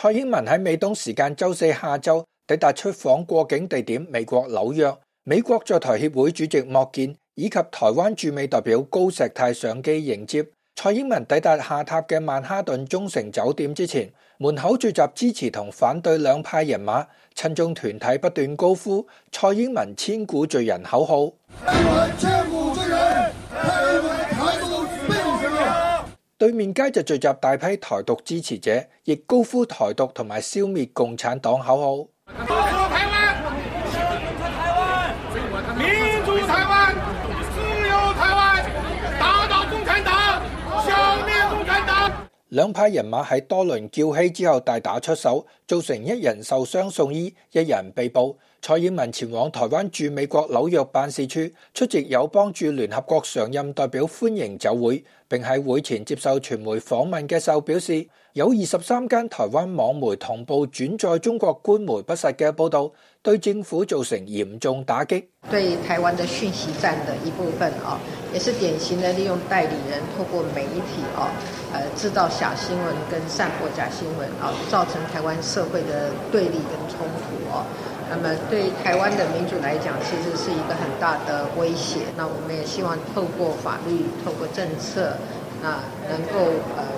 蔡英文喺美東時間周四下晝抵達出訪過境地點，美國紐約，美國在台協會主席莫健以及台灣駐美代表高石泰上機迎接。蔡英文抵達下榻嘅曼哈頓中城酒店之前，門口聚集支持同反對兩派人馬，親中團體不斷高呼蔡英文千古罪人口號。對面街就聚集大批台獨支持者，亦高呼台獨同埋消滅共產黨口號。兩派人馬喺多輪叫囂之後大打出手，造成一人受傷送醫，一人被捕。蔡英文前往台灣駐美國紐約辦事處出席友邦駐聯合國常任代表歡迎酒會，並喺會前接受傳媒訪問嘅時候表示。有二十三間台灣網媒同步轉載中國官媒不實嘅報道，對政府造成嚴重打擊。對台灣的訊息戰的一部分也是典型的利用代理人透過媒體哦，誒、呃、製造假新聞跟散播假新聞、呃、造成台灣社會的對立跟衝突哦、呃。那麼對於台灣的民主來講，其實是一個很大的威脅。那我們也希望透過法律、透過政策啊，能夠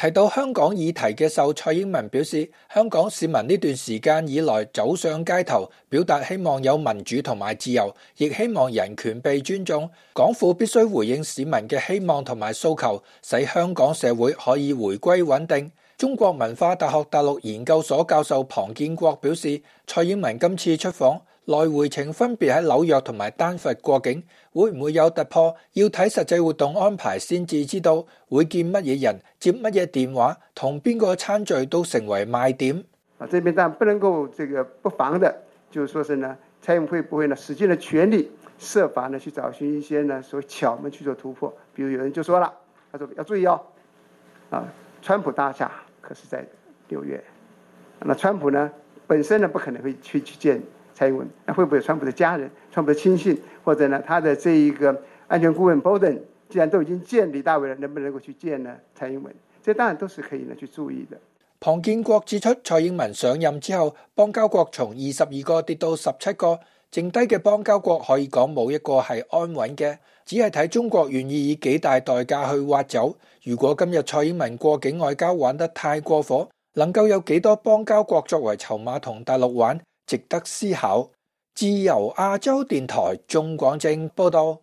提到香港議題嘅時候，蔡英文表示，香港市民呢段時間以來走上街頭表達希望有民主同埋自由，亦希望人權被尊重，港府必須回應市民嘅希望同埋訴求，使香港社會可以回歸穩定。中國文化大學大陸研究所教授龐建國表示，蔡英文今次出訪。來回程分別喺紐約同埋丹佛過境，會唔會有突破？要睇實際活動安排先至知道會見乜嘢人、接乜嘢電話、同邊個餐聚都成為賣點。啊，這邊但不能夠這個不防的，就是、說是呢，蔡英文會不會呢，使盡了全力，設法呢去找尋一些呢所謂竅門去做突破？比如有人就說了，他說要注意哦，川普大廈可是在六月，那川普呢本身呢不可能會去去見。蔡英文，會唔會有川普的家人、川普的親信，或者呢他的這一個安全顧問 Bolton，既然都已經見李大偉了，能不能夠去見呢蔡英文？這當然都是可以去注意的。龐建國指出，蔡英文上任之後，邦交國從二十二個跌到十七個，剩低嘅邦交國可以講冇一個係安穩嘅，只係睇中國願意以幾大代價去挖走。如果今日蔡英文過境外交玩得太過火，能夠有幾多邦交國作為籌碼同大陸玩？值得思考。自由亞洲電台中廣正報道。